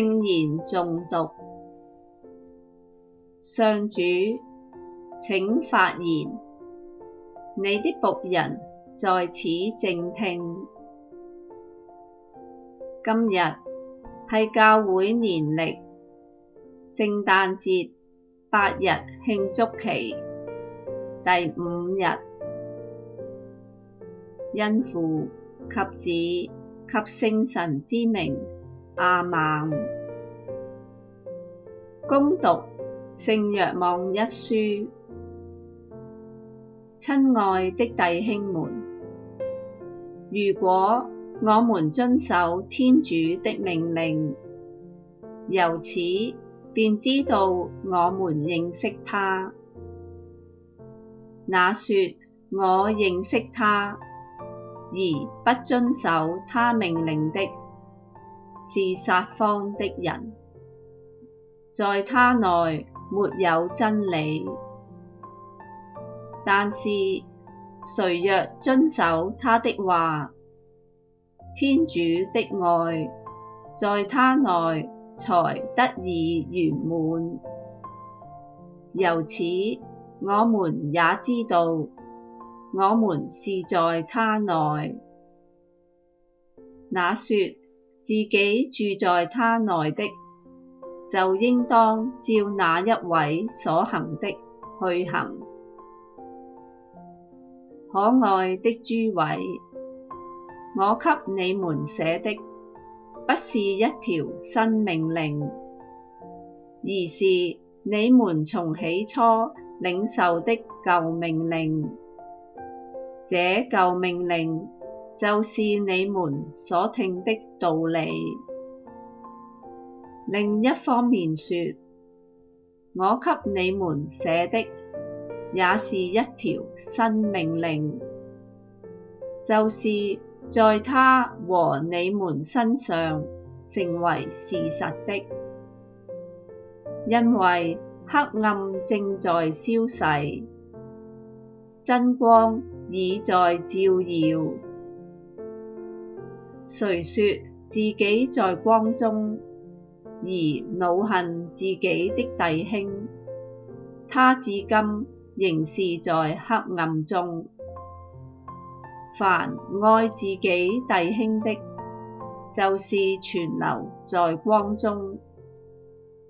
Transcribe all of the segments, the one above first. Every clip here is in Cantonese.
聖言誦讀，上主，請發言，你的僕人在此靜聽。今日係教會年曆聖誕節八日慶祝期第五日，因父及子及聖神之名，亞孟。恭讀聖若望一書，親愛的弟兄們，如果我們遵守天主的命令，由此便知道我們認識他。那說我認識他，而不遵守他命令的，是撒謊的人。在他內沒有真理，但是誰若遵守他的話，天主的愛在他內才得以圓滿。由此，我們也知道我們是在他內。那說自己住在他內的，就應當照那一位所行的去行。可愛的諸位，我給你們寫的，不是一條新命令，而是你們從起初領受的舊命令。這舊命令就是你們所聽的道理。另一方面說，說我給你們寫的也是一條新命令，就是在他和你們身上成為事實的，因為黑暗正在消逝，真光已在照耀。誰說自己在光中，而惱恨自己的弟兄，他至今仍是在黑暗中。凡愛自己弟兄的，就是存留在光中；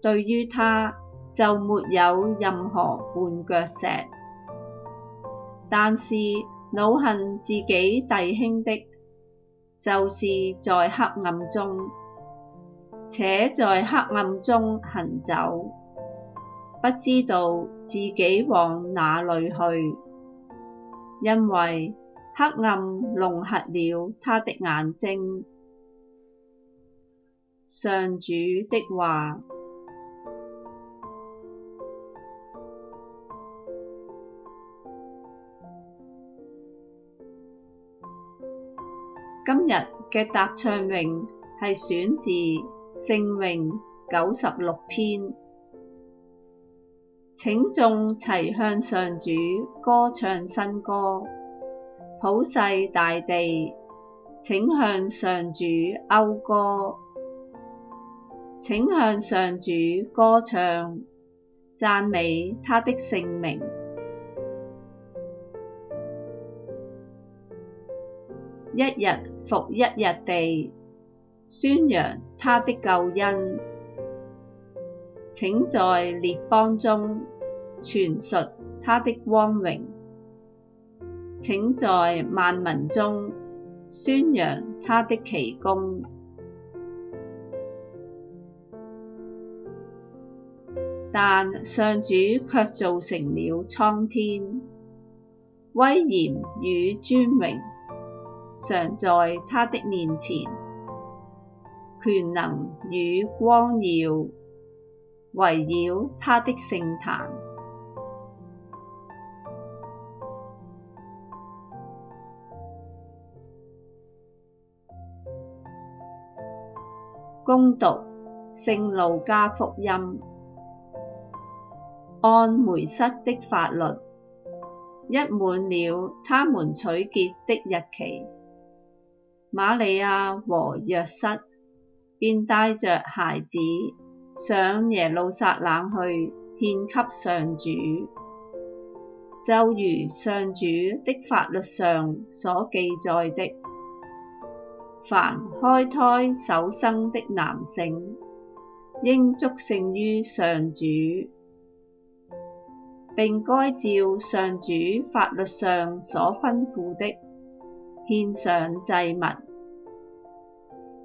對於他就沒有任何絆腳石。但是惱恨自己弟兄的，就是在黑暗中。且在黑暗中行走，不知道自己往哪裏去，因為黑暗弄瞎了他的眼睛。上主的話。今日嘅答唱詠係選自。聖詠九十六篇，請眾齊向上主歌唱新歌，普世大地，請向上主謳歌，請向上主歌唱，讚美他的聖名，一日復一日地宣揚他的救恩，請在列邦中傳述他的光榮；請在萬民中宣揚他的奇功。但上主卻造成了蒼天，威嚴與尊榮常在他的面前。權能與光耀，圍繞他的聖壇。恭讀聖路加福音。按梅瑟的法律，一滿了他們取潔的日期，瑪利亞和若瑟。便帶着孩子上耶路撒冷去獻給上主，就如上主的法律上所記載的，凡開胎首生的男性，應祝聖於上主，並該照上主法律上所吩咐的獻上祭物。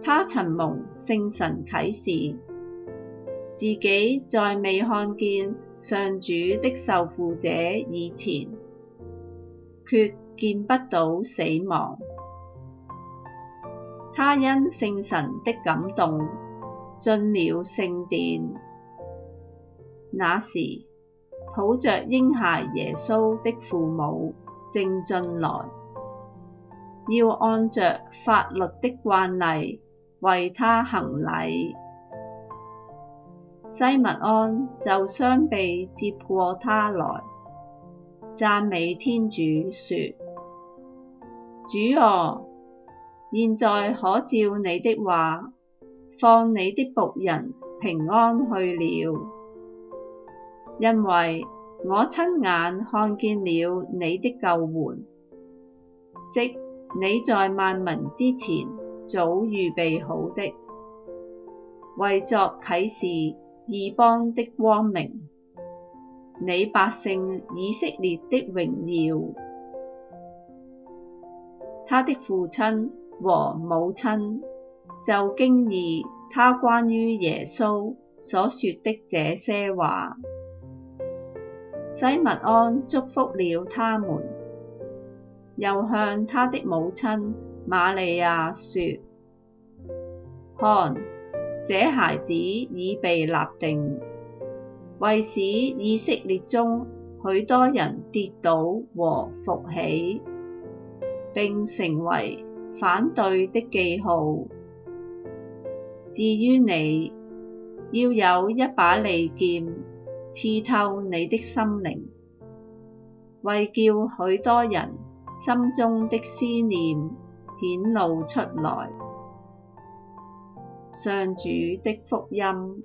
他曾蒙聖神啟示，自己在未看見上主的受傅者以前，決見不到死亡。他因聖神的感動，進了聖殿。那時，抱着嬰孩耶穌的父母正進來，要按着法律的慣例，為他行禮，西默盎就雙臂接過他來，讚美天主說：主啊！現在可照你的話，放你的僕人平安去了！因為我親眼看見了你的救援，即你在萬民之前。早預備好的，為作啟示異邦的光明，你百姓以色列的榮耀。他的父親和母親就驚異他關於耶穌所說的這些話，西默盎祝福了他們，又向他的母親瑪利亞說：看，這孩子已被立定，為使以色列中許多人跌倒和復起，並成為反對的記號。至於你，要有一把利劍刺透你的心靈，為叫許多人心中的思念。顯露出來。上主的福音。